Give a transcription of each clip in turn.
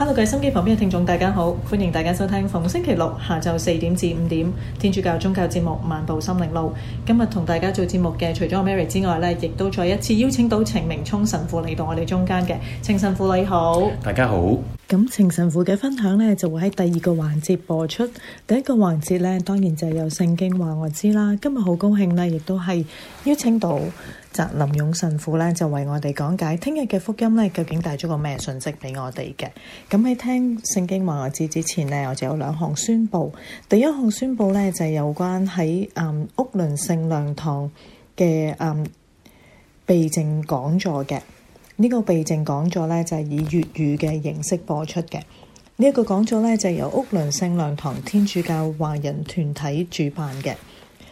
Hello，各位心機旁邊嘅聽眾大家好，歡迎大家收聽逢星期六下晝四點至五點天主教宗教節目《漫步心靈路》。今日同大家做節目嘅，除咗我 Mary 之外咧，亦都再一次邀請到程明聰神父嚟到我哋中間嘅。程神父你好，大家好。咁程神父嘅分享咧，就會喺第二個環節播出。第一個環節咧，當然就係由聖經話我知啦。今日好高興咧，亦都係邀請到，林勇神父咧就為我哋講解聽日嘅福音咧，究竟帶咗個咩信息俾我哋嘅？咁喺聽聖經話我知之前呢，我就有兩項宣布。第一項宣布咧就係有關喺、嗯、屋倫聖良堂嘅嗯備證講座嘅。呢、這個備證講座咧就係、是、以粵語嘅形式播出嘅。這個、講，呢個講座咧就係由屋倫聖良堂天主教華人團體主辦嘅。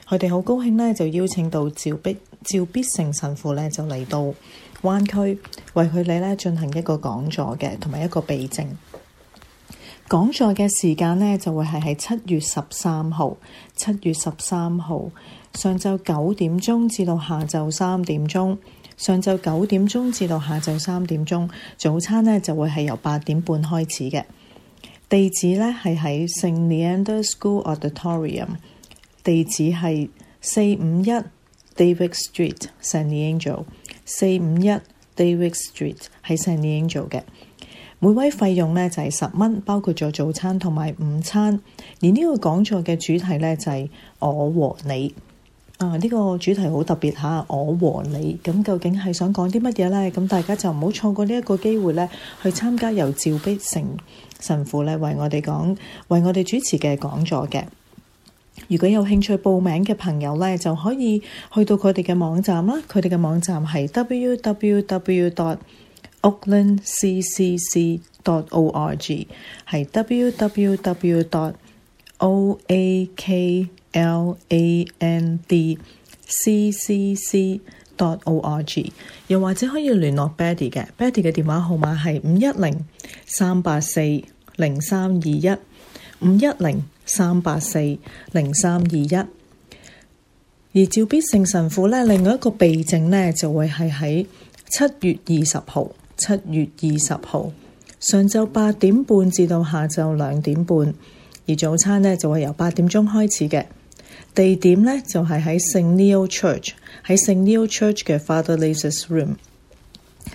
佢哋好高興呢，就邀請到趙必趙必成神父呢，就嚟到灣區為佢哋呢進行一個講座嘅，同埋一個避靜。講座嘅時間呢就會係喺七月十三號，七月十三號上晝九點鐘至到下晝三點鐘，上晝九點鐘至到下晝三點鐘。早餐呢就會係由八點半開始嘅。地址呢係喺聖尼安德學校 Auditorium。地址係四五一 David Street San Diego，四五一 David Street 喺 San Diego 嘅。每位費用呢就係十蚊，包括咗早餐同埋午餐。而呢個講座嘅主題呢就係我和你。啊，呢個主題好特別吓，我和你。咁、啊這個、究竟係想講啲乜嘢呢？咁大家就唔好錯過呢一個機會呢，去參加由趙碧成神父呢為我哋講、為我哋主持嘅講座嘅。如果有興趣報名嘅朋友呢，就可以去到佢哋嘅網站啦。佢哋嘅網站係 w w w dot oakland c c c dot o r g，係 w w w dot o a k l a n d c c c dot o r g。又或者可以聯絡 Betty 嘅 Betty 嘅電話號碼係五一零三八四零三二一五一零。三八四零三二一。而照必勝神父呢，另外一個備證呢，就會係喺七月二十號，七月二十號上晝八點半至到下晝兩點半。而早餐呢，就會由八點鐘開始嘅地點呢，就係喺聖 Neo Church 喺聖 Neo Church 嘅 Father Lisa's Room。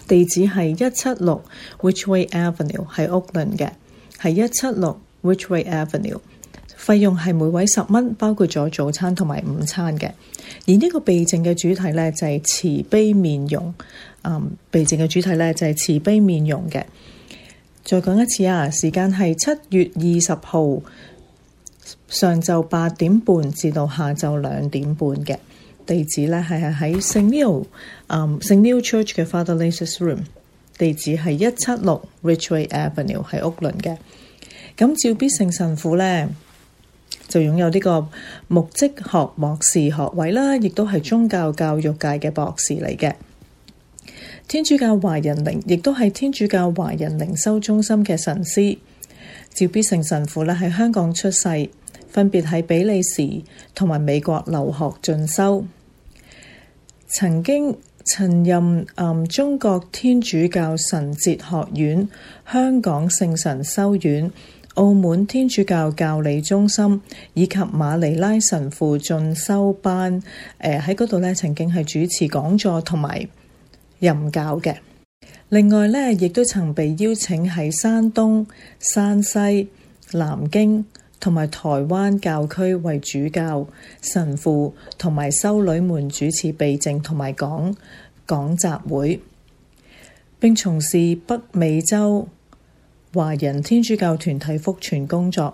地址係一七六 Whichway Avenue，係 Oakland 嘅係一七六 Whichway Avenue。費用係每位十蚊，包括咗早餐同埋午餐嘅。而呢個避靜嘅主題呢，就係、是、慈悲面容。嗯，避靜嘅主題呢，就係、是、慈悲面容嘅。再講一次啊，時間係七月二十號上晝八點半至到下晝兩點半嘅。地址呢，係係喺聖尼歐嗯聖尼歐 Church 嘅 Father Lace's Room。地址係一七六 Richway Avenue 係屋倫嘅。咁照必勝神父呢，就擁有呢個牧職學博士學位啦，亦都係宗教教育界嘅博士嚟嘅。天主教華人靈，亦都係天主教華人靈修中心嘅神師。趙必成神父呢，喺香港出世，分別喺比利時同埋美國留學進修，曾經曾任、嗯、中國天主教神哲學院、香港聖神修院，澳門天主教教理中心以及馬尼拉神父進修班，誒喺嗰度咧曾經係主持講座同埋任教嘅。另外咧，亦都曾被邀請喺山東、山西、南京同埋台灣教區為主教、神父同埋修女們主持避靜同埋講講習會，並從事北美洲。華人天主教團體福傳工作，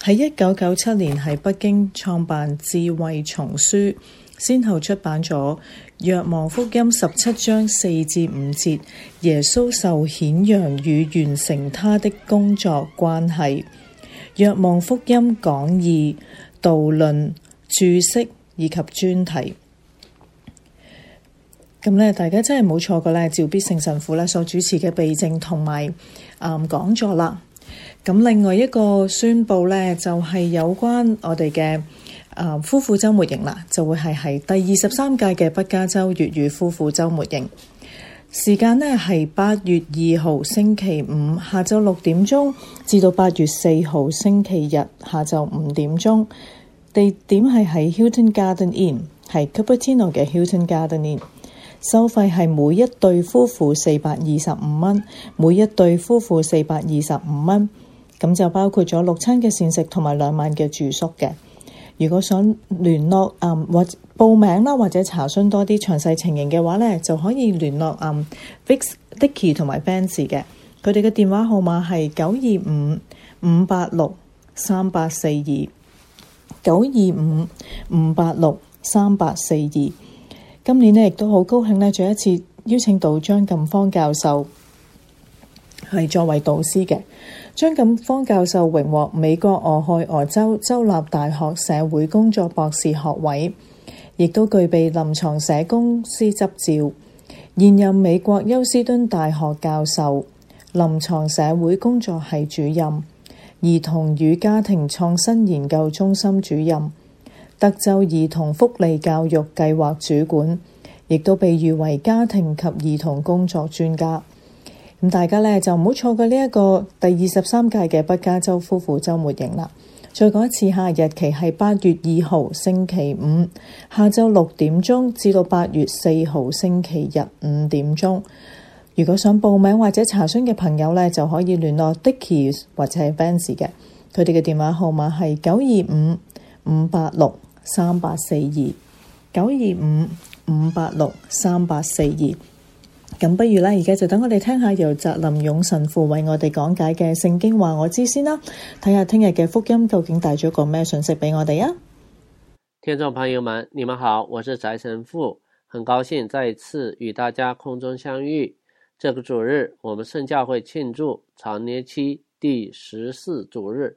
喺一九九七年喺北京創辦智慧叢書，先後出版咗《若望福音十七章四至五節》，耶穌受顯揚與完成他的工作關係，《若望福音講義》導論、註釋以及專題。咁呢，大家真係冇錯過咧，趙必勝神父呢所主持嘅秘證同埋。誒、嗯、講咗啦，咁另外一個宣佈呢，就係、是、有關我哋嘅誒夫婦周末營啦，就會係係第二十三屆嘅北加州粵語夫婦周末營，時間呢係八月二號星期五下晝六點鐘，至到八月四號星期日下晝五點鐘，地點係喺 Hilton Garden Inn，係 Cupertino 嘅 Hilton Garden Inn。收費係每一對夫婦四百二十五蚊，每一對夫婦四百二十五蚊，咁就包括咗六餐嘅膳食同埋兩晚嘅住宿嘅。如果想聯絡啊、嗯、或報名啦，或者查詢多啲詳細情形嘅話呢，就可以聯絡啊 Vicky Dicky 同埋 Fans 嘅。佢哋嘅電話號碼係九二五五八六三八四二九二五五八六三八四二。今年呢亦都好高興呢，再一次邀請到張錦芳教授係作為導師嘅。張錦芳教授榮獲美國俄亥俄州州立大學社會工作博士學位，亦都具備臨床社工師執照，現任美國休斯敦大學教授、臨床社會工作系主任、兒童與家庭創新研究中心主任，德州兒童福利教育計劃主管，亦都被譽為家庭及兒童工作專家。咁大家呢就唔好錯過呢一個第二十三屆嘅北加州夫婦周末營啦！再講一次下日期係八月二號星期五下晝六點鐘至到八月四號星期日五點鐘。如果想報名或者查詢嘅朋友呢，就可以聯絡 Dickey 或者係 Benz 嘅，佢哋嘅電話號碼係九二五五八六。三八四二九二五五八六三八四二，咁不如呢，而家就等我哋聽下由翟林勇神父為我哋講解嘅聖經話我知先啦，睇下聽日嘅福音究竟帶咗個咩訊息畀我哋啊！聽眾朋友們，你們好，我是翟神父，很高興再一次與大家空中相遇。這個主日，我們聖教會慶祝常年期第十四主日。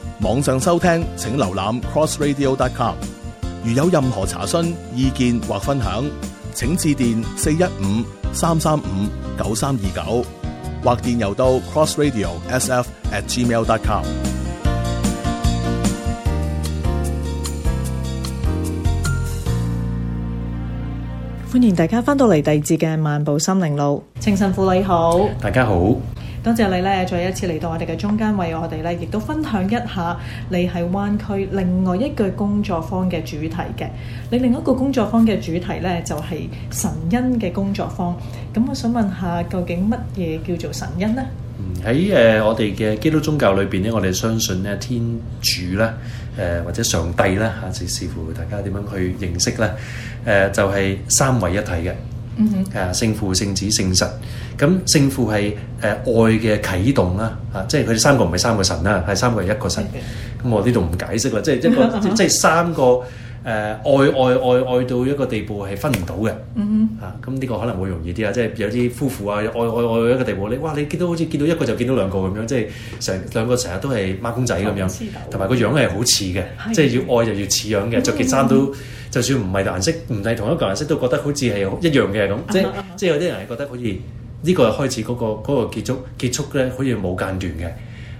網上收聽，請瀏覽 crossradio.com。如有任何查詢、意見或分享，請致電四一五三三五九三二九，或電郵到 crossradio_sf@gmail.com。歡迎大家返到嚟第二節嘅漫步心靈路。清神父，你好，大家好。多謝你咧，再一次嚟到我哋嘅中間，為我哋咧，亦都分享一下你喺灣區另外一個工作坊嘅主題嘅。你另一個工作坊嘅主題咧，就係神恩嘅工作坊。咁我想問下，究竟乜嘢叫做神恩呢？喺我哋嘅基督宗教裏面咧，我哋相信咧天主啦，或者上帝啦，下次視乎大家點樣去認識啦。就係、是、三位一體嘅。誒聖父、聖子、聖神，咁聖父係誒愛嘅啟動啦，即係佢哋三個唔係三個神啦，係三個係一個神。咁我呢度唔解釋啦，即係一個 即係三個。誒、呃、愛愛愛愛到一個地步係分唔到嘅，嚇咁呢個可能會容易啲啦，即係有啲夫婦啊，愛愛愛到一個地步，你哇你見到好似見到一個就見到兩個咁樣，即係成兩個成日都係孖公仔咁樣，同埋個樣係好似嘅，mm-hmm. 即係要愛就要似樣嘅，着件衫都就算唔係顏色唔係同一個顏色都覺得好似係一樣嘅咁，mm-hmm. 即係、mm-hmm. 即係有啲人係覺得好似呢、呢個開始嗰、嗰個嗰、嗰個、結束結束咧好似冇間斷嘅，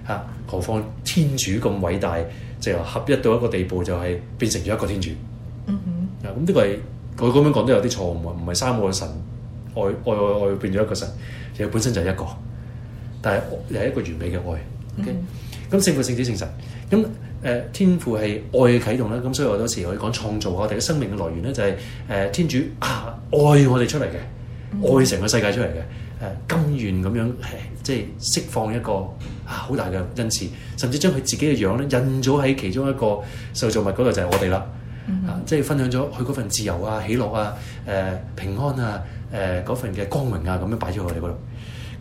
嚇、啊、何況天主咁偉大。就話合一到一個地步，就係變成咗一個天主。嗯哼，啊、這個，咁呢個係佢咁樣講都有啲錯誤，唔係唔係三個神愛愛愛愛變咗一個神，其實本身就係一個，但係又係一個完美嘅愛。OK，咁聖父、聖、嗯、子、聖神，咁誒天父係愛嘅啟動啦。咁所以我有時可以講創造我哋嘅生命嘅來源咧，就係、是、誒天主啊，愛我哋出嚟嘅、嗯，愛成個世界出嚟嘅。誒甘願咁樣，即係釋放一個啊，好大嘅恩賜，甚至將佢自己嘅樣咧印咗喺其中一個受造物嗰度，就係、是、我哋啦，即係分享咗佢嗰份自由啊、喜樂啊、誒、呃、平安啊、誒、呃、嗰份嘅光榮啊，咁樣擺咗喺我哋嗰度。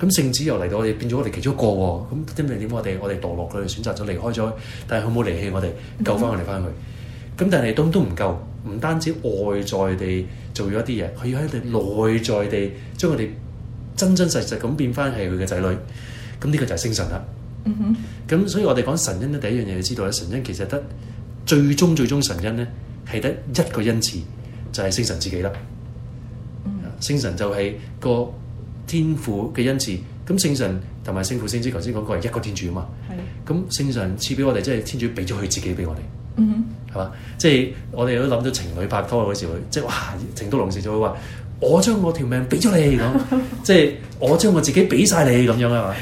咁聖子又嚟到我哋，變咗我哋其中一個喎、啊。咁點解點我哋我哋墮落，佢哋選擇咗離開咗？但係佢冇離棄我哋，救翻我哋翻去。咁、嗯、但係都不都唔夠，唔單止外在地做咗一啲嘢，佢要喺佢內在地將佢哋、嗯。真真實實咁變翻係佢嘅仔女，咁呢個就係聖神啦。咁、mm-hmm. 所以我哋講神恩咧第一樣嘢，你知道咧，神恩其實得最終最終神恩咧係得一個恩賜，就係、是、聖神自己啦。聖、mm-hmm. 神就係個天父嘅恩賜，咁聖神同埋聖父、聖子，頭先講過係一個天主啊嘛。咁、mm-hmm. 聖神賜俾我哋，即、就、係、是、天主俾咗佢自己俾我哋，係、mm-hmm. 嘛？即、就、係、是、我哋都諗到情侶拍拖嗰時，即、就、係、是、哇，情到濃時就會話。我將我條命俾咗你，咁即係我將我自己俾晒你，咁樣係嘛？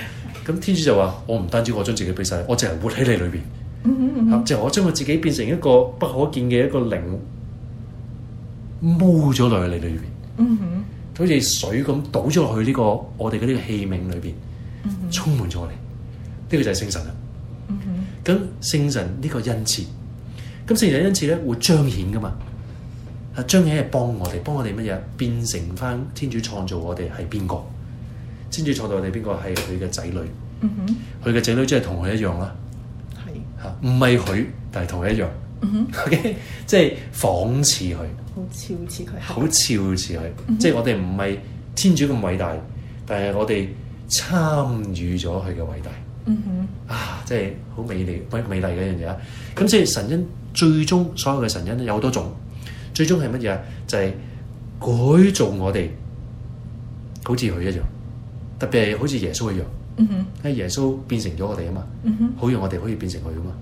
咁天主就話：我唔單止我將自己俾晒你，我淨係活喺你裏邊。嚇、嗯，即、嗯、係、就是、我將我自己變成一個不可見嘅一個靈，踎咗落去你裏邊。好似水咁倒咗落去呢個我哋嘅呢個器皿裏邊，嗯，充滿咗你。呢、呢個就係聖神啦。嗯，咁聖神呢個恩賜，咁聖神恩賜咧會彰顯噶嘛？將嘢係幫我哋，幫我哋乜嘢變成翻？天主創造我哋係邊個？天主創造我哋邊個係佢嘅仔女？佢嘅仔女即係同佢一樣啦，係唔係佢，但係同佢一樣。O K，即係仿似佢，好超似佢，好超似佢。即係、就是、我哋唔係天主咁偉大，嗯、但係我哋參與咗佢嘅偉大、嗯。啊，即係好美麗，好美麗嘅一樣嘢。咁即係神恩最終，最終所有嘅神恩有好多種。最終係乜嘢啊？就係、是、改造我哋，好似佢一樣，特別係好似耶穌一樣。嗯哼。耶穌變成咗我哋啊嘛。嗯哼。好讓我哋可以變成佢啊嘛。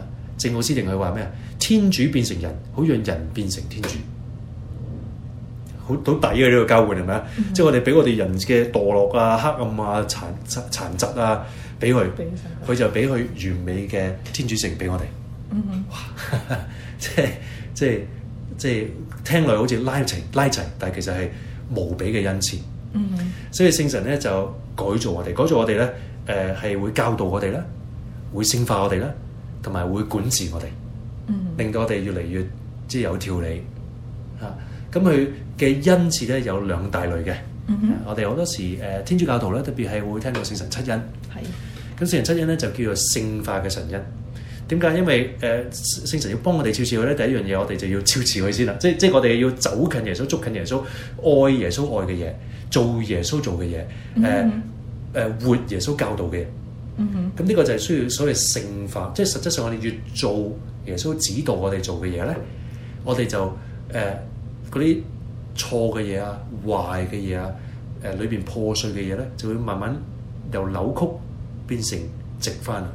啊，鄭老師定係話咩啊？天主變成人，好讓人變成天主，好好抵啊！呢、這個交換係咪啊？即係我哋俾我哋人嘅墮落啊、黑暗啊、殘殘疾啊，俾佢，佢就俾佢完美嘅天主性俾我哋，嗯哼，哇。即係即係。即、就、係、是、聽落好似拉齊拉齊，但係其實係無比嘅恩賜。嗯哼，所以聖神咧就改造我哋，改造我哋咧誒係會教導我哋啦，會聖化我哋啦，同埋會管治我哋。嗯哼，令到我哋越嚟越即係有條理嚇。咁佢嘅恩賜咧有兩大類嘅、嗯啊。我哋好多時誒、呃、天主教徒咧，特別係會聽到聖神七恩。係。咁聖神七恩咧就叫做聖化嘅神恩。點解？因為誒，聖、呃、神要幫我哋超召佢咧。第一樣嘢，我哋就要超召佢先啦。即即我哋要走近耶穌、捉近耶穌、愛耶穌愛嘅嘢、做耶穌做嘅嘢、誒、嗯、誒、呃、活耶穌教導嘅嘢。咁、嗯、呢、這個就係需要所謂聖化。即實質上，我哋越做耶穌指導我哋做嘅嘢咧，我哋就誒嗰啲錯嘅嘢啊、壞嘅嘢啊、誒裏邊破碎嘅嘢咧，就會慢慢由扭曲變成直翻了。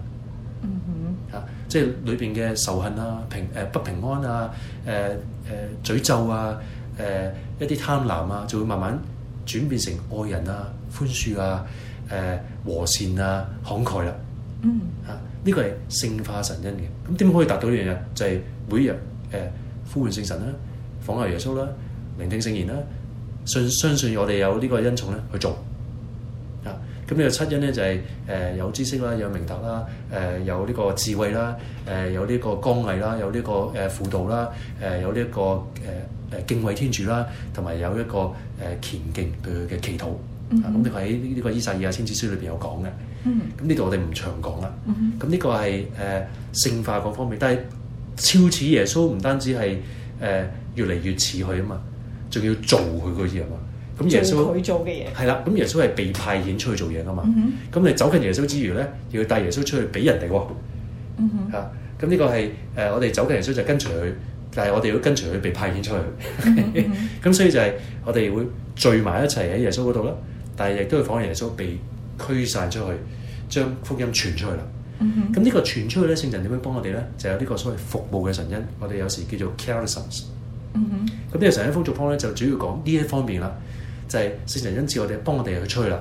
即係裏邊嘅仇恨啊、平誒、呃、不平安啊、誒誒詛咒啊、誒、呃、一啲貪婪啊，就會慢慢轉變成愛人啊、寬恕啊、誒、呃、和善啊、慷慨啦、啊。嗯啊，呢、這個係聖化神恩嘅。咁點可以達到的呢樣嘢？就係、是、每日誒、呃、呼喚聖神啦、啊，訪求耶穌啦、啊，聆聽聖言啦、啊，信相信我哋有呢個恩寵咧去做。咁呢個七恩咧就係、是、誒、呃、有知識啦，有明達啦，誒、呃、有呢個智慧啦，誒、呃、有呢個剛毅啦，有呢個誒輔導啦，誒、呃、有呢、這、一個誒誒、呃、敬畏天主啦，同埋有一個誒虔、呃、敬對佢嘅祈禱。咁你喺呢個《以撒爾亞先知書》裏邊有講嘅。咁呢度我哋唔長講啦。咁、mm-hmm. 呢個係誒、呃、聖化嗰方面，但係超似耶穌唔單止係誒、呃、越嚟越似佢啊嘛，仲要做佢嗰啲嘛。咁耶穌佢做嘅嘢係啦。咁耶穌係被派遣出去做嘢噶嘛？咁、嗯、你走近耶穌之餘咧，要帶耶穌出去俾人哋喎。咁、嗯、呢、啊、個係誒、呃，我哋走近耶穌就跟隨佢，但係我哋要跟隨佢被派遣出去。咁、嗯、 所以就係我哋會聚埋一齊喺耶穌嗰度啦。但係亦都要仿耶穌被驅散出去，將福音傳出去啦。咁、嗯、呢個傳出去咧，聖神點樣幫我哋咧？就有呢個所謂服務嘅神恩。我哋有時叫做 charisms 咁呢個神恩風俗方咧，就主要講呢一方面啦。就係聖神恩賜我哋幫我哋去吹啦。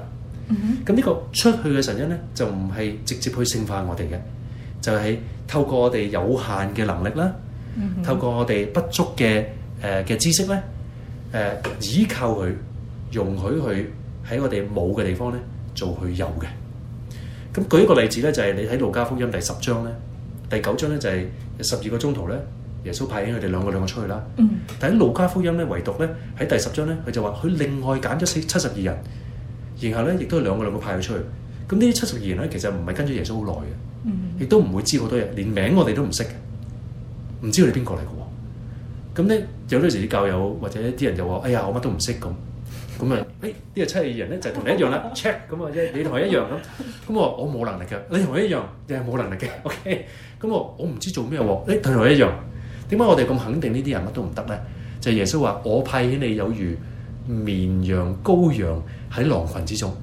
咁呢個出去嘅神恩咧，就唔係直接去聖化我哋嘅，就係透過我哋有限嘅能力啦，透過我哋不足嘅誒嘅知識咧，誒依靠佢，容許佢喺我哋冇嘅地方咧做佢有嘅。咁舉一個例子咧，就係你喺路加福音第十章咧，第九章咧就係十二個宗徒咧。耶穌派緊佢哋兩個兩個出去啦。但喺路加福音咧，唯獨咧喺第十章咧，佢就話佢另外揀咗四七十二人，然後咧亦都係兩個兩個派佢出去。咁呢啲七十二人咧，其實唔係跟咗耶穌好耐嘅，亦都唔會知好多人，連名我哋都唔識嘅，唔知佢哋邊個嚟嘅喎。咁咧有啲時啲教友或者啲人就話：哎呀，我乜都唔識咁。咁啊，誒、哎、呢個七十二人咧就係同你一樣啦 ，check 咁啊， 你同我一樣咁。咁我我冇能力嘅，okay?，你同我一樣又係冇能力嘅，OK？咁我我唔知做咩喎？誒，同我一樣。點解我哋咁肯定呢啲人乜都唔得咧？就係、耶穌話：我派遣你有如綿羊羔羊喺狼群之中，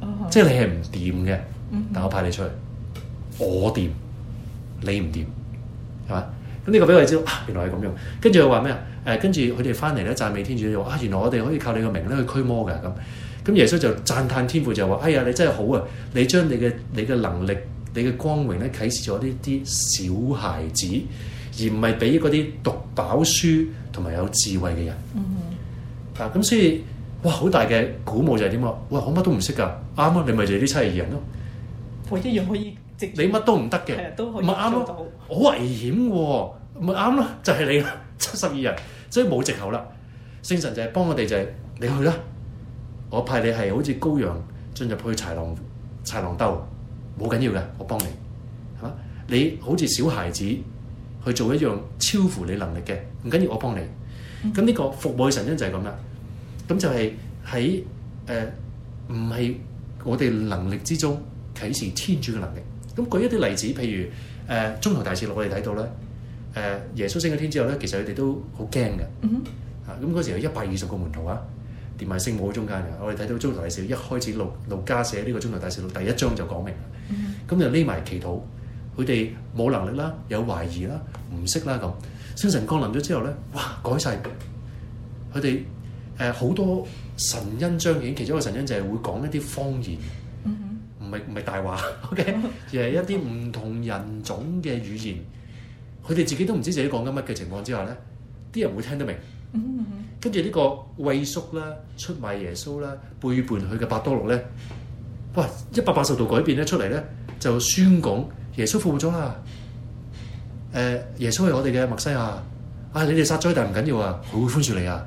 哦、即係你係唔掂嘅，但我派你出去，我掂你唔掂係嘛？咁呢個俾我哋知道、啊、原來係咁樣。跟住又話咩啊？跟住佢哋翻嚟咧，讚美天主就，話啊，原來我哋可以靠你嘅名咧去驅魔㗎。咁。咁耶穌就讚嘆天父，就話：哎呀，你真係好啊！你將你嘅你嘅能力，你嘅光榮咧啟示咗呢啲小孩子。而唔係俾嗰啲讀飽書同埋有智慧嘅人，嚇、嗯、咁，所以哇，好大嘅鼓舞就係點啊？哇，我乜都唔識㗎，啱啊？你咪就係啲七十二人咯，我一樣可以直你乜都唔得嘅，唔係啱啊？好危險喎，咪啱啦，就係、是、你七十二人，所以冇藉口啦。聖神就係幫我哋，就係、是、你去啦，我派你係好似羔羊進入去豺狼豺狼兜，冇緊要嘅，我幫你係嘛、啊？你好似小孩子。去做一樣超乎你能力嘅，唔緊要我幫你。咁呢個服務嘅神恩就係咁啦。咁就係喺誒，唔、呃、係我哋能力之中，啟示天主嘅能力。咁舉一啲例子，譬如誒、呃《宗徒大事錄》呃，我哋睇到咧，誒耶穌升咗天之後咧，其實佢哋都好驚嘅。Mm-hmm. 啊，咁嗰時候有一百二十個門徒啊，連埋聖母喺中間嘅。我哋睇到《宗徒大事》一開始路路加寫呢個《宗徒大事錄》第一章就講明了，咁、mm-hmm. 就匿埋祈禱。佢哋冇能力啦，有懷疑啦，唔識啦咁。聖神降臨咗之後咧，哇，改晒。佢哋誒好多神恩彰顯，其中一個神恩就係會講一啲方言，唔係唔係大話，OK，嗯，而係一啲唔同人種嘅語言。佢哋，嗯，自己都唔知自己講緊乜嘅情況之下咧，啲人會聽得明。跟住呢個畏縮啦、出賣耶穌啦、背叛佢嘅伯多祿咧，哇！一百八十度改變咧出嚟咧，就宣講。耶穌復活咗啦！誒，耶穌係我哋嘅默西亞啊！你哋殺咗，但唔緊要啊！佢會寬恕你啊！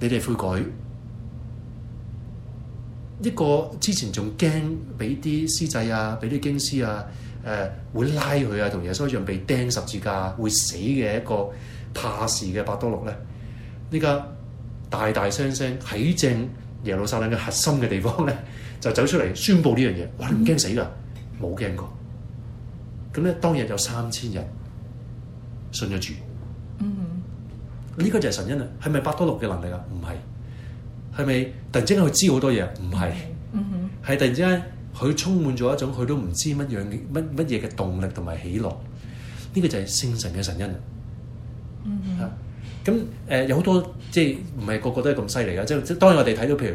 你哋悔改。一個之前仲驚俾啲司祭啊，俾啲經師啊，誒、啊、會拉佢啊，同耶穌一樣被釘十字架會死嘅一個怕事嘅伯多祿咧，呢家大大聲聲喺正耶路撒冷嘅核心嘅地方咧，就走出嚟宣佈呢樣嘢。哇！你唔驚死㗎，冇驚過。咁咧，當日有三千人信咗主嗯。嗯、哼、呢個就係神恩啊！係咪伯多祿嘅能力啊？唔係，係咪突然之間佢知好多嘢？唔係，嗯哼，係突然之間佢充滿咗一種佢都唔知乜樣嘅乜乜嘢嘅動力同埋喜樂。呢個就係聖神嘅神恩啊！咁誒有好多即係唔係個個都係咁犀利啊？即係當然我哋睇到譬如誒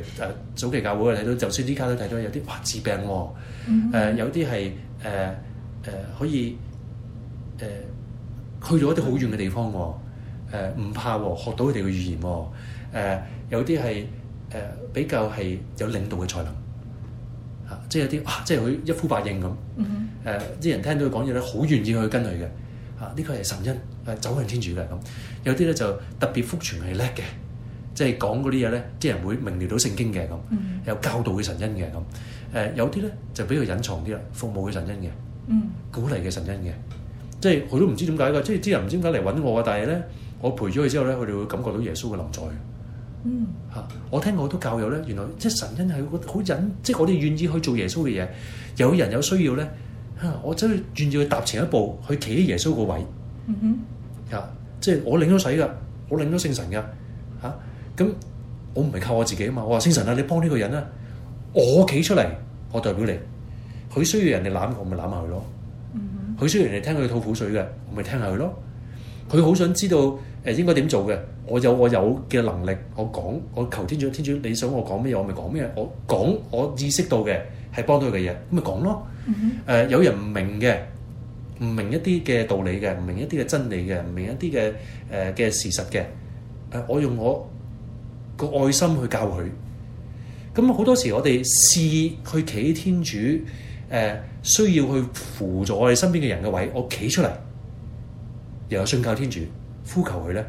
早期教會我哋睇到，就算依家都睇到有啲哇治病喎，有啲係誒。誒、呃、可以誒、呃、去到一啲好遠嘅地方喎、哦，唔、呃、怕喎、哦，學到佢哋嘅語言喎、哦呃。有啲係誒比較係有領導嘅才能嚇、啊，即係有啲哇、啊，即係佢一呼百應咁誒。啲、嗯呃、人聽到佢講嘢咧，好願意去跟佢嘅嚇。呢個係神恩係走向天主嘅咁。有啲咧就特別福傳係叻嘅，即係講嗰啲嘢咧，啲人會明瞭到聖經嘅咁、嗯、有教導嘅神恩嘅咁。誒、呃、有啲咧就比較隱藏啲啦，服務嘅神恩嘅。嗯、鼓勵嘅神恩嘅，即係佢都唔知點解㗎。即係啲人唔知點解嚟搵我啊！但係咧，我陪咗佢之後咧，佢哋會感覺到耶穌嘅臨在。吓、嗯啊，我聽過好多教友咧，原來即係神恩係好忍，即係我哋願意去做耶穌嘅嘢。有人有需要咧、啊，我真係願意去踏前一步去企喺耶穌個位。吓、嗯啊，即係我領咗洗噶，我領咗聖神噶，吓、啊，咁我唔係靠我自己啊嘛！我話聖神啊，你幫呢個人啦、啊，我企出嚟，我代表你。佢需要人哋攬我，我咪攬下佢咯。佢需要人哋聽佢吐苦水嘅，我咪聽下佢咯。佢好想知道誒、呃、應該點做嘅，我有我有嘅能力，我講我求天主，天主你想我講咩嘢，我咪講咩嘢。我講我意識到嘅係幫到佢嘅嘢，咁咪講咯。誒、嗯呃、有人唔明嘅，唔明一啲嘅道理嘅，唔明一啲嘅真理嘅，唔明一啲嘅誒嘅事實嘅，誒、呃、我用我個愛心去教佢。咁好多時我哋試去企天主。誒、呃、需要去扶助我哋身邊嘅人嘅位，我企出嚟，然後信教天主，呼求佢咧。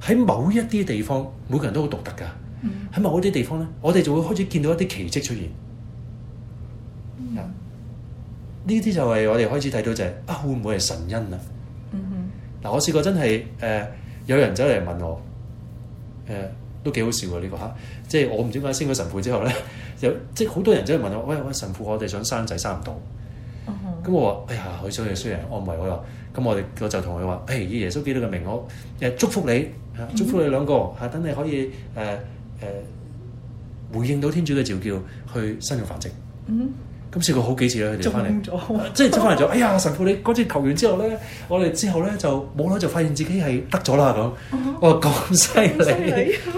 喺某一啲地方，每個人都好獨特㗎。喺、mm-hmm. 某一啲地方咧，我哋就會開始見到一啲奇蹟出現。嗯、呃，呢、mm-hmm. 啲就係我哋開始睇到就係、是、啊，會唔會係神恩啊？嗱、mm-hmm. 呃，我試過真係誒、呃、有人走嚟問我，誒、呃、都幾好笑㗎呢個嚇，即係我唔知點解升咗神父之後咧。有即係好多人走去問我，喂喂，喂神父，我哋想生仔生唔到，咁、uh-huh. 我話，哎呀，佢需要需要人安慰，我咁我哋我就同佢話，哎，以耶穌基督嘅名，我誒祝福你，uh-huh. 祝福你兩個，嚇等你可以誒誒、呃呃、回應到天主嘅召叫，去生育繁殖。Uh-huh. 咁試過好幾次啦，佢哋翻嚟，即係執翻嚟咗，哎呀，神父你嗰次投完之後呢，我哋之後呢，就冇啦，就發現自己係得咗啦咁，哇咁犀利，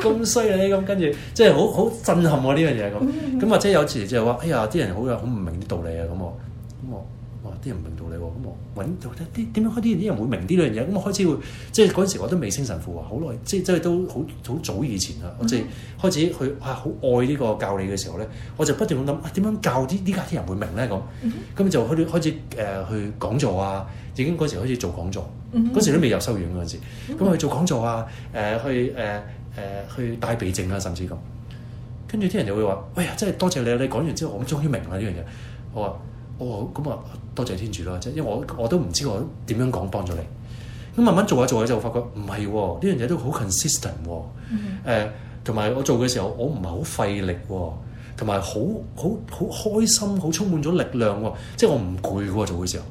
咁犀利，咁，跟住、啊、即係好好震撼喎、啊、呢樣嘢咁，咁或者有時就話，哎呀啲人好有好唔明啲道理啊。啲人唔明道理喎，咁我揾啲點樣啲啲人會明呢樣嘢？咁我開始會即係嗰陣時我都未升神父啊，好耐即係即係都好好早以前啦。Mm-hmm. 我即係開始去啊，好愛呢個教理嘅時候咧，我就不斷咁諗啊，點樣教啲而家啲人會明咧咁？咁、mm-hmm. 就開啲開始誒、呃、去講座啊，已經嗰時開始做講座，嗰、mm-hmm. 時都未有修院嗰陣時，咁、mm-hmm. 去做講座啊，誒去誒誒去帶避靜啊，甚至咁。跟住啲人就會話，喂、哎、呀，真係多謝、謝你！你講完之後，我終於明啦呢樣嘢。我話、啊。哦，咁啊，多謝天主啦，即係因為我我都唔知我點樣講幫咗你。咁慢慢做下做下就發覺唔係，呢樣嘢都好 consistent 喎。誒、mm-hmm. 呃，同埋我做嘅時候，我唔係好費力喎，同埋好好好開心，好充滿咗力量喎。即係我唔攰喎，做嘅時候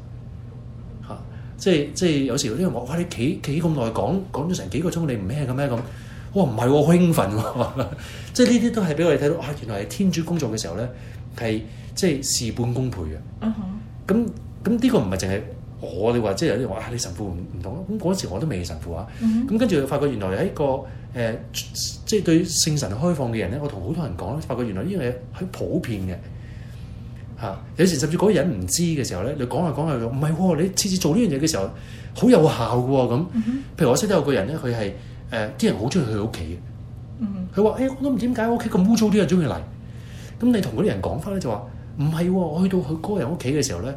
嚇、啊。即係即係有時呢個我話，哇！你企企咁耐，講講咗成幾個鐘，你唔咩嘅咩咁。我唔係，好、哦、興奮、啊，即係呢啲都係俾我哋睇到啊！原來係天主工作嘅時候咧，係即係事半功倍嘅。嗯，咁咁呢個唔係淨係我哋話，即係有啲話你神父唔唔同咯。咁嗰時我都未神父啊。Uh-huh. 嗯，咁跟住發覺原來是一個原來係一個誒、呃，即係對聖神開放嘅人咧，我同好多人講，發覺原來呢樣嘢好普遍嘅嚇、啊。有時甚至嗰個人唔知嘅時候咧，你講下講下，唔係、哦、你次次做呢樣嘢嘅時候好有效嘅喎咁。Uh-huh. 譬如我識得有個人咧，佢係。誒、呃、啲人好中意去佢屋企嘅，佢、嗯、話，誒、欸，我都唔知點解屋企咁污糟，啲人中意嚟？咁你同嗰啲人講翻咧，就話唔係喎。我去到佢個人屋企嘅時候咧，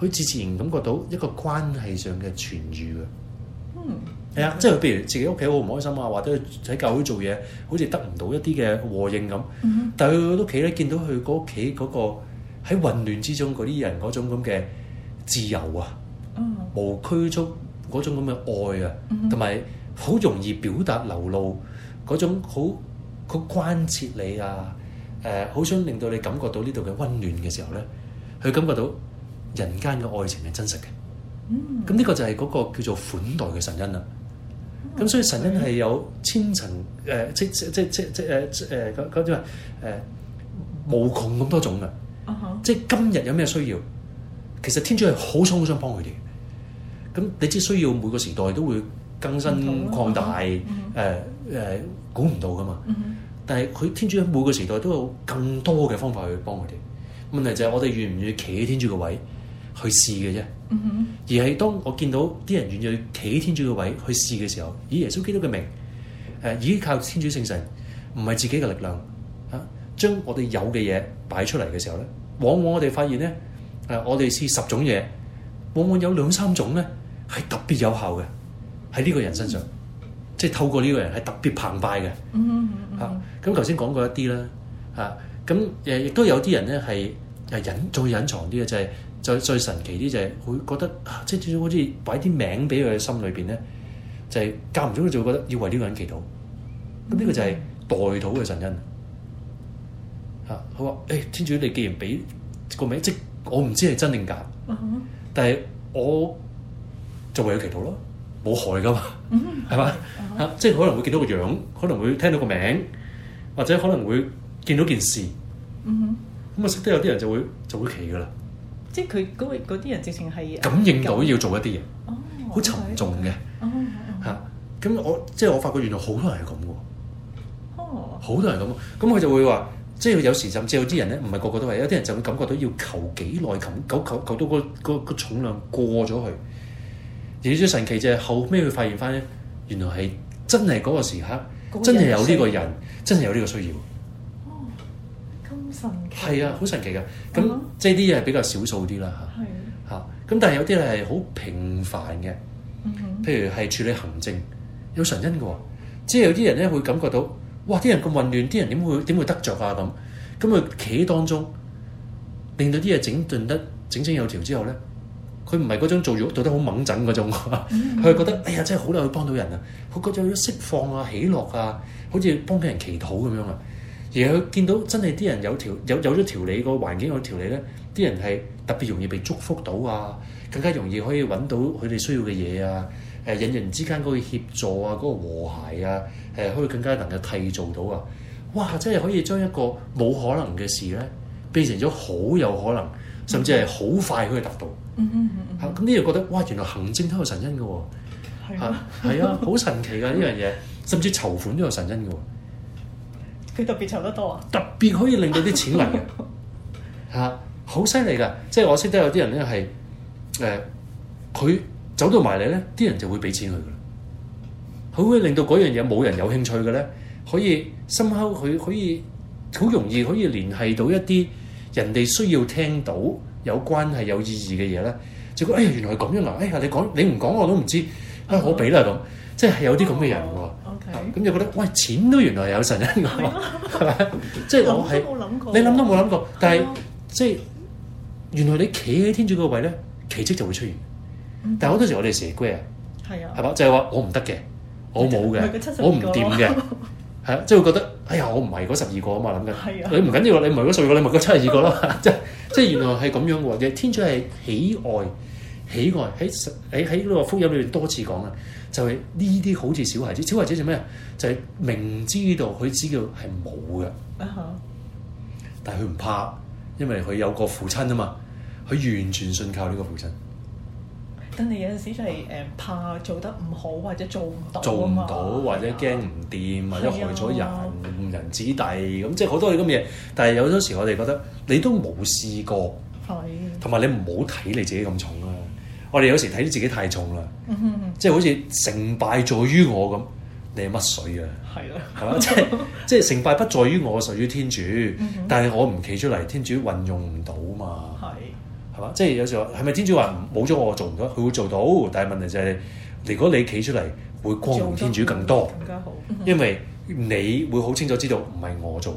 佢自自然感覺到一個關係上嘅痊癒嘅。嗯，係啊，嗯、即係譬如自己屋企好唔開心啊，或者喺教會做嘢好似得唔到一啲嘅和應咁、嗯，但係去到屋企咧，見到佢屋企嗰個喺混亂之中嗰啲人嗰種咁嘅自由啊，嗯、無拘束嗰種咁嘅愛啊，同、嗯、埋。好容易表達流露嗰種好好關切你啊，誒、呃，好想令到你感覺到呢度嘅溫暖嘅時候咧，佢感覺到人間嘅愛情係真實嘅。咁、嗯、呢個就係嗰個叫做款待嘅神恩啦、啊。咁、嗯、所以神恩係有千層誒、呃，即即即即即誒誒啲話誒無窮咁多種嘅。Uh-huh. 即今日有咩需要，其實天主係好想好想幫佢哋。咁你只需要每個時代都會。更新擴大誒誒，估唔、啊呃呃、到噶嘛？嗯、但係佢天主喺每個時代都有更多嘅方法去幫佢哋。問題就係我哋願唔願意企喺天主嘅位去試嘅啫，而係當我見到啲人願意企喺天主嘅位去試嘅時候，以耶穌基督嘅名誒，依、呃、靠天主聖神，唔係自己嘅力量嚇，將、啊、我哋有嘅嘢擺出嚟嘅時候咧，往往我哋發現咧誒、呃，我哋試十種嘢，往往有兩三種咧係特別有效嘅。喺呢個人身上，嗯、即係透過呢個人係特別澎湃嘅。嗯咁頭先講過一啲啦。嚇、啊，咁誒亦都有啲人咧係、啊、隱再隱藏啲嘅，就係、是、再最，最神奇啲就係會覺得，啊、即係好似擺啲名俾佢嘅心裏邊咧，就係間唔中佢就會覺得要為呢個人祈禱。咁、嗯、呢個就係代禱嘅神恩。嚇、啊，佢話：誒、哎、天主，你既然俾個名，即我唔知係真定假，嗯、但係我就為佢祈禱咯。冇害噶嘛，係、mm-hmm. 嘛？Uh-huh. 即係可能會見到個樣，可能會聽到個名，或者可能會見到件事。咁、mm-hmm. 啊、嗯、識得有啲人就會就會企噶啦。即係佢嗰啲人直情係感應到要做一啲嘢，好、uh-huh. 沉重嘅。嚇、uh-huh. 啊，咁我即係我發覺原來好多人係咁嘅喎。好、uh-huh. 多人咁、啊，咁、嗯、佢就會話，即係有時甚至有啲人咧，唔係個個都係，有啲人就會感覺到要求幾耐，求九求求到、個個、個重量過咗去。而少神奇就係後尾會發現翻咧，原來係真係嗰個時刻，那個、真係有呢個人，真係有呢個需要。咁、哦、神奇係啊，好神奇嘅。咁、嗯、即係啲嘢比較少數啲啦嚇。嚇，咁但係有啲係好平凡嘅、嗯，譬如係處理行政，有神恩嘅。即係有啲人咧會感覺到，哇！啲人咁混亂，啲人點會點會得着啊咁？咁佢企喺當中，令到啲嘢整頓得整整有條之後咧。佢唔係嗰種做肉做得好猛陣嗰種，佢、嗯、係、嗯、覺得哎呀，真係好難，去幫到人啊！佢覺得有咗釋放啊、喜樂啊，好似幫緊人祈禱咁樣啊。而佢見到真係啲人有條有有咗條理、個環境有條，有條理咧，啲人係特別容易被祝福到啊，更加容易可以揾到佢哋需要嘅嘢啊。誒、啊，人與人之間嗰個協助啊，嗰、嗰個和諧啊，誒、啊、可以更加能夠替做到啊！哇，真係可以將一個冇可能嘅事咧，變成咗好有可能，甚至係好快可以達到。嗯嗯嗯嗯嗯吓咁呢？又、嗯啊、覺得哇，原來行政都有神恩嘅喎，係啊，係啊，好、啊、神奇嘅呢樣嘢， 甚至籌款都有神恩嘅喎、啊。佢特別籌得多啊？特別可以令到啲錢嚟嘅，嚇好犀利嘅，即係我識得有啲人咧，係、呃、誒，佢走到埋嚟咧，啲人就會俾錢佢嘅。佢會，令到嗰樣嘢冇人有興趣嘅咧，可以深溝佢，可以好容易可以聯繫到一啲人哋需要聽到。有關係有意義嘅嘢咧，結果誒原來係咁樣啊！誒、哎，你講你唔講我都唔知、嗯，哎，我俾啦咁，即係有啲咁嘅人喎。OK，咁你覺得喂錢都原來有神㗎嘛？係咪？即係我係你諗都冇諗過，但係即係原來你企喺天主嗰個位咧，奇蹟就會出現。但係好多時我哋蛇龜啊，係啊，係嘛？就係、是、話我唔得嘅，我冇嘅，我唔掂嘅。 係啊，即係會覺得，哎呀，我唔係嗰十二個啊嘛，諗緊。係啊。你唔緊要緊，你唔係嗰十二個，你咪嗰七十二個咯。 即係即係，原來係咁樣嘅。嘅天主係喜愛喜愛喺喺喺呢個福音裏邊多次講啊，就係呢啲好似小孩子，小孩子做咩啊？就係、是、明知道佢知道係冇嘅。Uh-huh. 但係佢唔怕，因為佢有個父親啊嘛，佢完全信靠呢個父親。等你有陣時就係誒怕做得唔好或者做唔到，到，做唔到或者驚唔掂或者害咗人、啊、誤人子弟咁，即係好多咁嘅嘢。但係有好多時候我哋覺得你都冇試過，係、啊，同埋你唔好睇你自己咁重啊！啊我哋有時睇你自己太重啦，即係、啊就是、好似成敗在於我咁，你係乜水啊？係咯、啊，係嘛？即係即係成敗不在於我，屬於天主。是啊、但係我唔企出嚟，天主運用唔到嘛。係、啊。即係有時候，係咪天主話冇咗我做唔到？佢會做到，但係問題就係、是，如果你企出嚟，會光榮天主更多。更加好，因為你會好清楚知道唔係我做。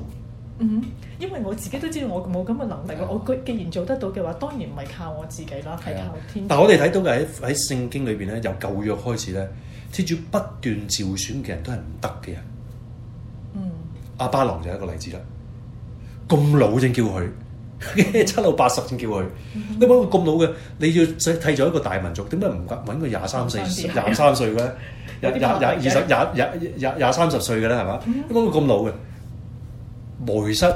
嗯，因為我自己都知道我冇咁嘅能力咯。我既然做得到嘅話，當然唔係靠我自己啦。係靠天主、啊。但我哋睇到嘅喺喺聖經裏邊咧，由舊約開始咧，天主不斷召選嘅人都係唔得嘅人。嗯。阿巴郎就係一個例子啦，咁老正叫佢。七老八十先叫佢，你揾個咁老嘅，你要想替做一個大民族，點解唔揾個廿三四、廿三歲嘅咧？廿廿廿二十廿廿廿廿三十歲嘅咧，係嘛？你揾個咁老嘅梅室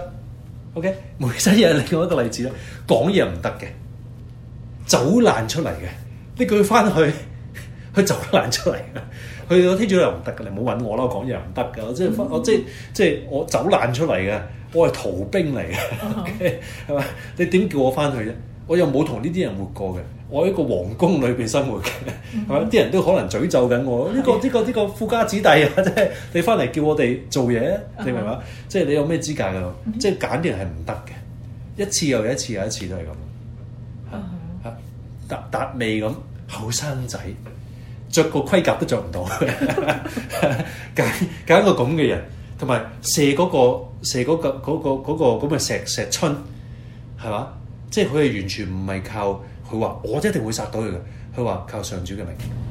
，OK 梅室又另外一個例子啦。講嘢唔得嘅，走爛出嚟嘅，你叫佢翻去，佢走爛出嚟，佢我聽咗又唔得㗎，你唔好揾我啦，講嘢又唔得㗎，我講嘢唔得嘅、mm-hmm. 即係我即係即係我走爛出嚟嘅。我係逃兵嚟嘅，係、uh-huh. 嘛？你點叫我翻去啫？我又冇同呢啲人活過嘅，我喺個皇宮裏邊生活嘅，係、uh-huh. 嘛？啲人都可能詛咒緊我，呢、uh-huh. 呢個呢、呢個呢、呢個富家子弟啊，真係你翻嚟叫我哋做嘢，uh-huh. 你明嘛？即、就、係、是、你有咩資格啊？即係揀啲人係唔得嘅，一次又一次又一次都係咁，嚇、uh-huh. 嚇，達達味咁後生仔，着個盔甲都着唔到，揀、uh-huh. 一個咁嘅人。同埋射嗰個射嗰個嗰個嗰個咁嘅、嗰個、石石春，係嘛？即係佢係完全唔係靠佢，話我一定會殺到佢嘅，佢話靠上主嘅命。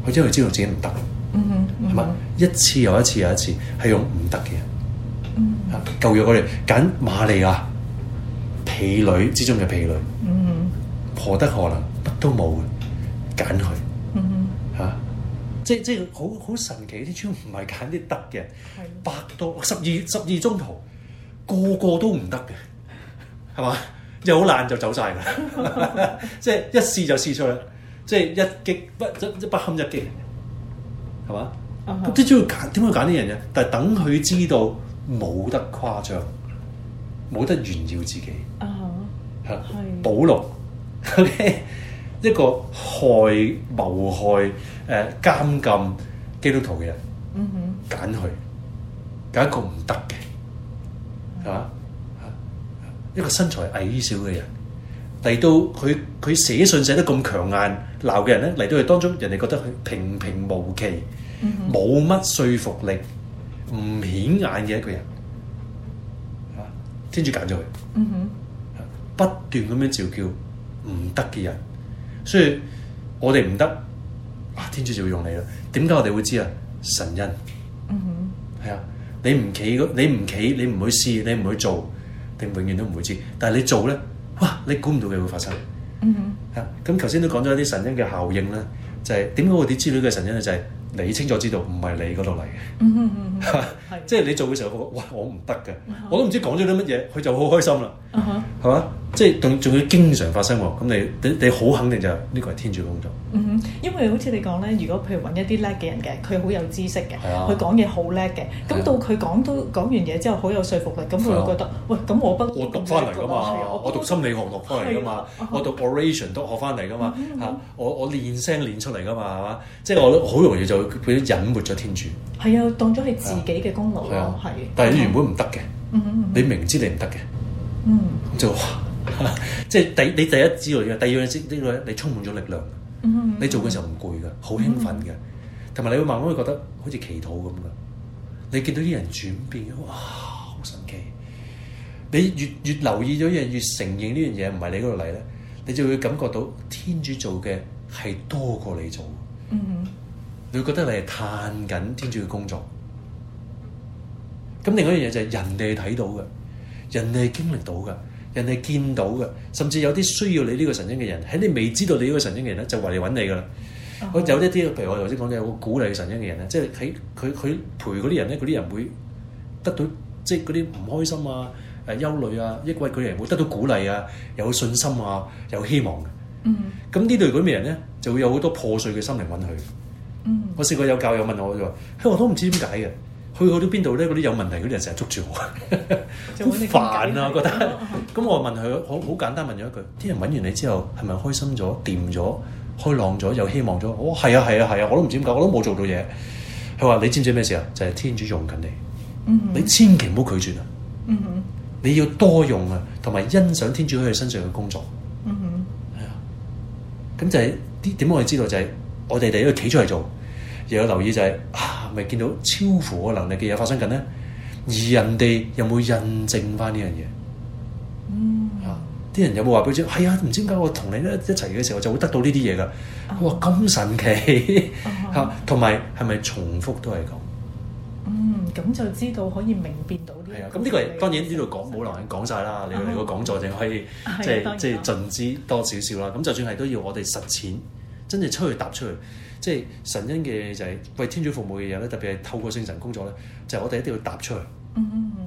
佢因為知道自己唔得，係、嗯、嘛、嗯？一次又一次又一次係用唔得嘅人，嚇、嗯、舊約嗰啲揀瑪利亞婢女之中嘅婢女，嗯，何德何能乜都冇嘅，揀佢。即即好好神奇啲穿唔係揀啲得嘅，百多十二十二鐘頭個個都唔得嘅，係嘛？又好爛就走晒噶啦，即係一試就試出啦，即係一擊不一不堪一擊嚟係嘛？點解、uh-huh. 要揀點解要揀呢樣嘢？但係等佢知道冇得誇張，冇得炫耀自己，係保羅。 一個害、謀害、誒監禁基督徒嘅人，揀佢揀一個唔得嘅係嘛？一個身材矮小嘅人嚟到佢佢寫信寫得咁強硬鬧嘅人咧嚟到佢當中，人哋覺得佢平平無奇，冇乜說服力，唔顯眼嘅一個人係嘛？天主揀咗佢，不斷咁樣召叫唔得嘅人。所以我哋唔得，哇！天主就會用你啦。點解我哋會知啊？神恩，嗯哼，係啊。你唔企你唔企，你唔去試，你唔去做，定永遠都唔會知。但係你做咧，哇！你估唔到嘅會發生，嗯哼。係啊，咁頭先都講咗一啲神恩嘅效應啦，就係點解我哋知道嘅神恩咧，就係、是。你清楚知道唔係你嗰度嚟嘅，即、嗯、係、嗯、 你做嘅時候，我哇，我唔得嘅，我都唔知講咗啲乜嘢，佢就好開心啦，係、嗯、嘛？即係仲要經常發生喎，咁你你好肯定就係呢個係天主工作。嗯、因為好似你講咧，如果譬如揾一啲叻嘅人嘅，佢好有知識嘅，佢、啊、講嘢好叻嘅，咁、啊、到佢講都講完嘢之後，好有說服力，咁佢會覺得、啊、喂，咁我不，不我讀翻嚟㗎嘛、嗯，我讀心理學讀翻嚟㗎嘛、啊嗯，我讀 oration 都學翻嚟㗎嘛，嗯啊、我我練聲練出嚟㗎嘛，係嘛、嗯？即係我好容易就。佢都隱瞞咗天主，係啊，當咗係自己嘅功勞咯。但係你原本唔得嘅，你明知你唔得嘅，嗯，就哇，即係第你第一知道嘅，第二樣識呢個咧，你充滿咗力量，嗯、你做嘅時候唔攰噶，好、嗯、興奮嘅，同、嗯、埋你會慢慢會覺得好似祈禱咁噶。你見到啲人轉變，哇，好神奇！你越越留意咗，樣越承認呢樣嘢唔係你嗰度嚟咧，你就會感覺到天主做嘅係多過你做，嗯。佢覺得你係嘆緊天主嘅工作。咁另外一樣嘢就係人哋係睇到嘅，人哋係經歷到嘅，人哋見到嘅。甚至有啲需要你呢個神經嘅人，喺你未知道你呢個神經嘅人咧，就嚟揾你噶啦。我有一啲，譬如我頭先講嘅，有個鼓勵神經嘅人咧，即係喺佢佢陪嗰啲人咧，嗰啲人會得到即係嗰啲唔開心啊、誒憂慮啊、抑鬱，佢人會得到鼓勵啊，有信心啊，有希望嘅、啊。咁、mm-hmm. 呢對嗰啲人咧，就會有好多破碎嘅心靈揾佢。嗯、我試過有教友問我，我就話：我都唔知點解嘅。去到啲邊度咧，嗰啲有問題嗰啲人成日捉住我，好、嗯、 煩啊！嗯、我覺得。咁、嗯、我問佢好好簡單問咗一句：啲人揾完你之後，係咪開心咗、掂咗、開朗咗、又希望咗？哦，係啊，係啊，係啊！我都唔知點解，我都冇做到嘢。佢話：你知唔知咩事啊？就係、是、天主用緊你、嗯，你千祈唔好拒絕啊、嗯！你要多用啊，同埋欣賞天主喺佢身上嘅工作。嗯、係啊。咁、嗯、就係啲點我哋知道就係、是。我哋第一個企出嚟做，又有留意就係、是、啊，咪見到超乎我能力嘅嘢發生緊咧，而人哋有冇印證翻呢樣嘢？嗯，嚇，啲人有冇話俾我知？係啊，唔、哎、知點解我同你咧一齊嘅時候就會得到呢啲嘢噶？我話咁神奇嚇，同埋係咪重複都係咁？嗯，咁就知道可以明辨到呢？係啊、咁、嗯、呢、這個係當然呢度講冇能力講曬啦。你你個講座淨可以、嗯、即係即係盡知多少少啦。咁就算係都要我哋實踐。真係出去踏出去，即係神恩嘅嘢就係、是、為天主服務嘅嘢咧，特別係透過聖神工作咧，就係、我哋一定要踏出去，唔、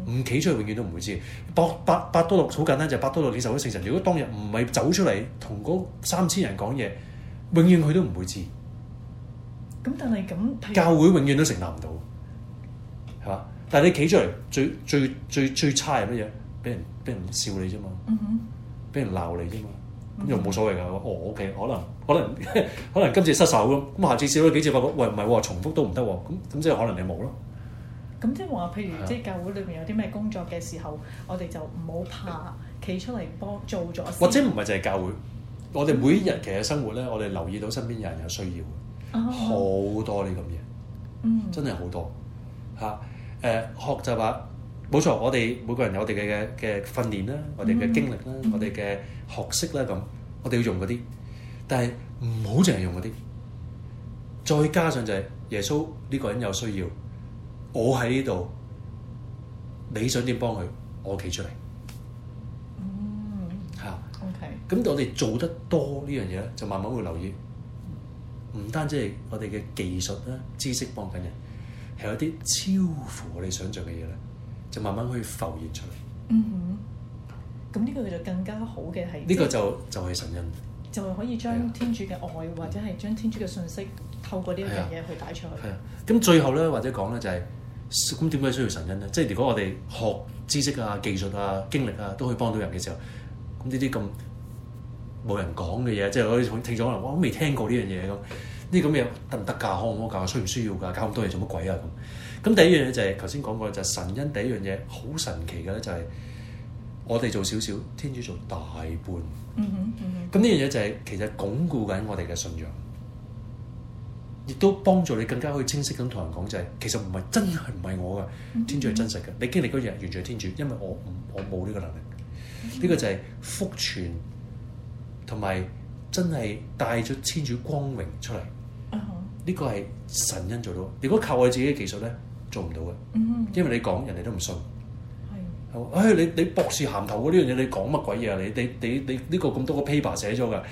嗯、企、嗯、出去永遠都唔會知。伯伯伯多祿好簡單，就伯、是、多祿你受咗聖神，如果當日唔係走出嚟同嗰三千人講嘢，永遠佢都唔會知。咁但係咁，教會永遠都承擔唔到，係嘛？但係你企出嚟，最最最最差係乜嘢？俾人俾人笑你啫嘛，俾、嗯、人鬧你啫嘛。咁又冇所謂㗎，我我 o 可能可能可能今次失手咁，咁、嗯、下次少多幾次，發覺喂唔係喎，重複都唔得喎，咁、嗯、咁即係可能你冇咯。咁即係話，譬如、啊、即係教會裏面有啲咩工作嘅時候，我哋就唔好怕，企出嚟幫做咗。或者唔係就係教會，我哋每日其實生活咧、嗯，我哋留意到身邊有人有需要，好、啊、多呢咁嘢，真係好多嚇。誒、啊呃，學習啦、啊。冇錯，我哋每個人有我哋嘅嘅嘅訓練啦、嗯，我哋嘅經歷啦、嗯，我哋嘅學識啦，咁我哋要用嗰啲，但係唔好淨係用嗰啲，再加上就係耶穌呢個人有需要，我喺呢度，你想點幫佢，我企出嚟，嗯，係啊，OK，咁我哋做得多呢樣嘢咧，就慢慢會留意，唔單止係我哋嘅技術啦、知識幫緊人，係有啲超乎我哋想象嘅嘢咧。就慢慢可以浮現出嚟。嗯哼，咁呢個就更加好嘅係。呢個就就係神恩，就可以將天主嘅愛或者係將天主嘅信息透過呢一樣嘢去帶出去。係啊，咁最後咧，或者講咧就係咁點解需要神恩咧？即係如果我哋學知識啊、技術啊、經歷啊，都可以幫到人嘅時候，咁呢啲咁冇人講嘅嘢，即係可以聽咗話，我都未聽過呢樣嘢咁。呢啲咁嘅，得唔得㗎？可唔可教？需唔需要㗎？搞咁多嘢做乜鬼啊？咁第一樣嘢就係頭先講過就神恩第一樣嘢好神奇嘅咧，就係我哋做少少，天主做大半。嗯咁呢樣嘢就係其實鞏固緊我哋嘅信仰，亦都幫助你更加可以清晰咁同人講就係、是、其實唔係真係唔係我嘅，天主係真實嘅、嗯。你經歷嗰樣嘢完全係天主，因為我我冇呢個能力。呢、嗯這個就係福傳同埋真係帶咗天主光榮出嚟。呢、嗯這個係神恩做到的。如果靠我哋自己嘅技術咧？做唔到嘅，因為你講人哋都唔信。係，誒你你博士銜頭嘅呢樣嘢，你講乜鬼嘢啊？你你你你呢個咁多個 paper 寫咗㗎，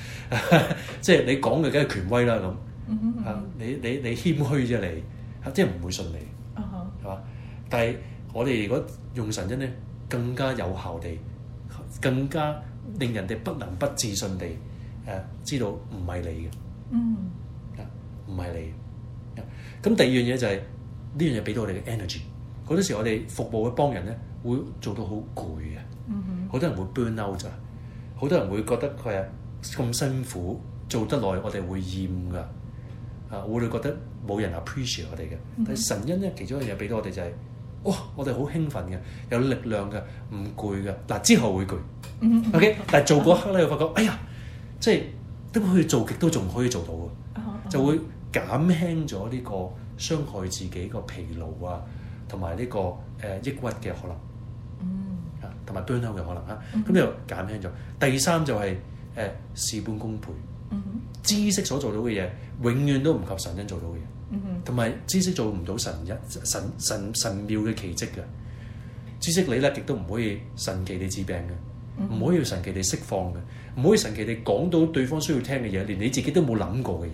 即係你講嘅梗係權威啦咁。嗯哼，嚇你你你謙虛啫，你嚇即係唔會信你。啊嚇，係嘛？但係我哋如果用神恩咧，更加有效地，更加令人哋不能不自信地誒，知道唔係你嘅。嗯，嚇唔係你。咁第二樣嘢就係。呢樣嘢俾到我哋嘅 energy，好多時我哋服務一幫人咧，會做到好攰嘅，好、mm-hmm. 多人會 burn out 啫，好多人會覺得佢係咁辛苦做得耐，我哋會厭噶，啊，我哋覺得冇人 appreciate 我哋嘅，mm-hmm. 但神恩咧，其中一樣嘢俾到我哋就係、是，哇，我哋好興奮嘅，有力量嘅，唔攰嘅，嗱之後會攰、mm-hmm.，ok， 但係做嗰刻咧，我發覺，哎呀，即係都可以做極，也都仲可以做到嘅，oh, oh. 就會減輕咗呢個。傷害自己個疲勞啊，同埋呢個誒、呃、抑鬱嘅可能，啊，同埋端唔嘅可能啊，咁、mm-hmm. 你就減輕咗。第三就係、是、誒、呃、事半功倍，mm-hmm. 知識所做到嘅嘢，永遠都唔及神恩做到嘅嘢，同、mm-hmm. 埋知識做唔到神一神神神，神妙嘅奇蹟嘅知識呢，你咧亦都唔可以神奇地治病嘅，唔、mm-hmm. 可以神奇地釋放嘅，唔可以神奇地講到對方需要聽嘅嘢，連你自己都冇諗過嘅嘢。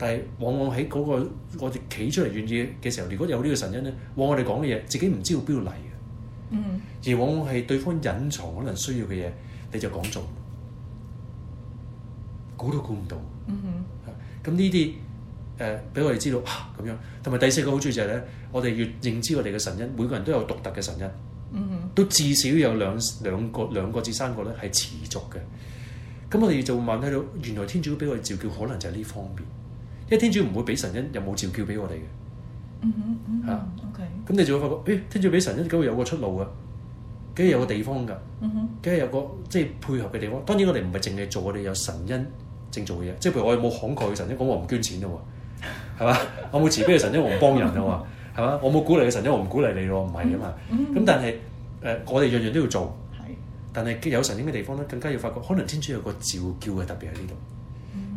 但係，往往喺嗰、那個我哋企出嚟願意嘅時候，如果有呢個神恩咧，往我哋講嘅嘢，自己唔知道邊度嚟嘅，嗯，而往往係對方隱藏可能需要嘅嘢，你就講中估都估唔到，嗯，咁呢啲誒俾我哋知道啊咁樣。同埋第四個好處就係咧，我哋要認知我哋嘅神恩，每個人都有獨特嘅神恩、嗯，都至少有兩兩個兩個至三個咧係持續嘅。咁我哋就問睇到原來天主都俾我哋召叫，可能就係呢方面。因為天主唔會俾神恩，又冇召叫俾我哋嘅，嚇、嗯，咁、嗯 okay。你就會發覺，誒、欸，天主俾神恩，咁會有個出路嘅，梗係有個地方㗎，梗、嗯、係有個即係、就是、配合嘅地方。當然我哋唔係淨係做，我哋有神恩正做嘅嘢，即係譬如我有冇慷慨嘅神恩，咁我唔捐錢啦喎，係嘛？我冇慈悲嘅神恩，我唔幫人啊嘛，係嘛？ 我冇鼓勵嘅神恩，我唔 鼓，鼓勵你咯，唔係啊嘛。咁、嗯嗯、但係誒、呃，我哋樣樣都要做，但係有神恩嘅地方咧，更加要發覺，可能天主有個召叫嘅特別喺呢度。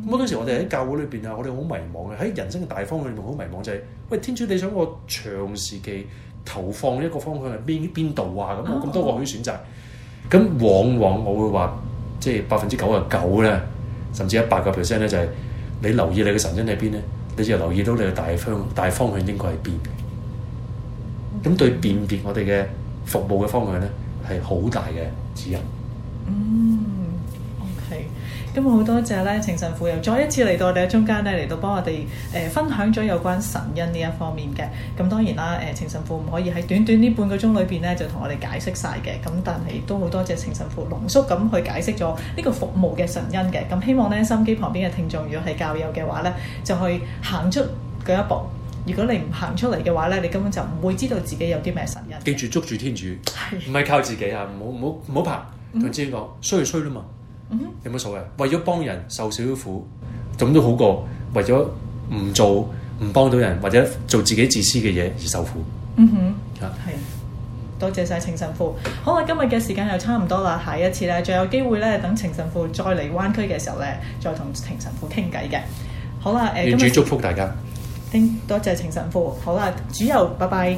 咁嗰時我哋喺教會裏邊啊，我哋好迷茫嘅，喺人生嘅大方向裏面很、就是，好迷茫，就係喂，天主你想我長時期投放一個方向喺邊邊度啊？咁咁多個可以選擇。咁、嗯、往往我會話，即係百分之九啊九咧，甚至一百個 percent 咧，就係、是、你留意你嘅神經喺邊咧，你就留意到你嘅大方大方向應該係邊。咁對辨別我哋嘅服務嘅方向咧，係好大嘅指引。嗯。咁好多謝咧，情神父又再一次嚟到我哋嘅中間咧，嚟到幫我哋、呃、分享咗有關神恩呢一方面嘅。咁當然啦，誒、呃、情神父唔可以喺短短呢半個鐘裏面咧，就同我哋解釋晒嘅。咁但係都好多謝情神父濃縮咁去解釋咗呢個服務嘅神恩嘅。咁希望咧，心機旁邊嘅聽眾，如果係教友嘅話咧，就去行出嗰一步。如果你唔行出嚟嘅話咧，你根本就唔會知道自己有啲咩神恩。記住捉住天主，唔係靠自己啊！唔好唔好唔好拍。佢知講衰就衰啦嘛～嗯、哼有冇所謂？為咗幫人受少少苦，咁都好過為咗唔做唔幫到人，或者做自己自私嘅嘢，而受苦。嗯哼，係、啊、多謝晒情神父。好啦，今日嘅時間又差唔多啦，下一次咧，仲有機會咧，等情神父再嚟灣區嘅時候咧，再同情神父傾偈嘅。好啦，誒、呃，願主祝福大家。叮，多謝情神父。好啦，主又拜拜。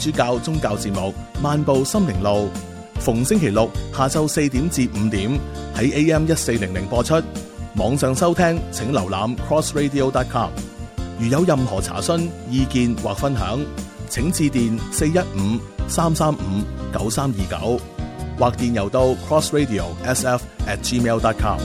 主教宗教節目《漫步心靈路》，逢星期六下晝四點至五點喺 AM 一四零零播出。網上收聽，請瀏覽 crossradio.com。如有任何查詢、意見或分享，請致電四一五三三五九三二九，或電郵到 crossradio.sf@gmail.com。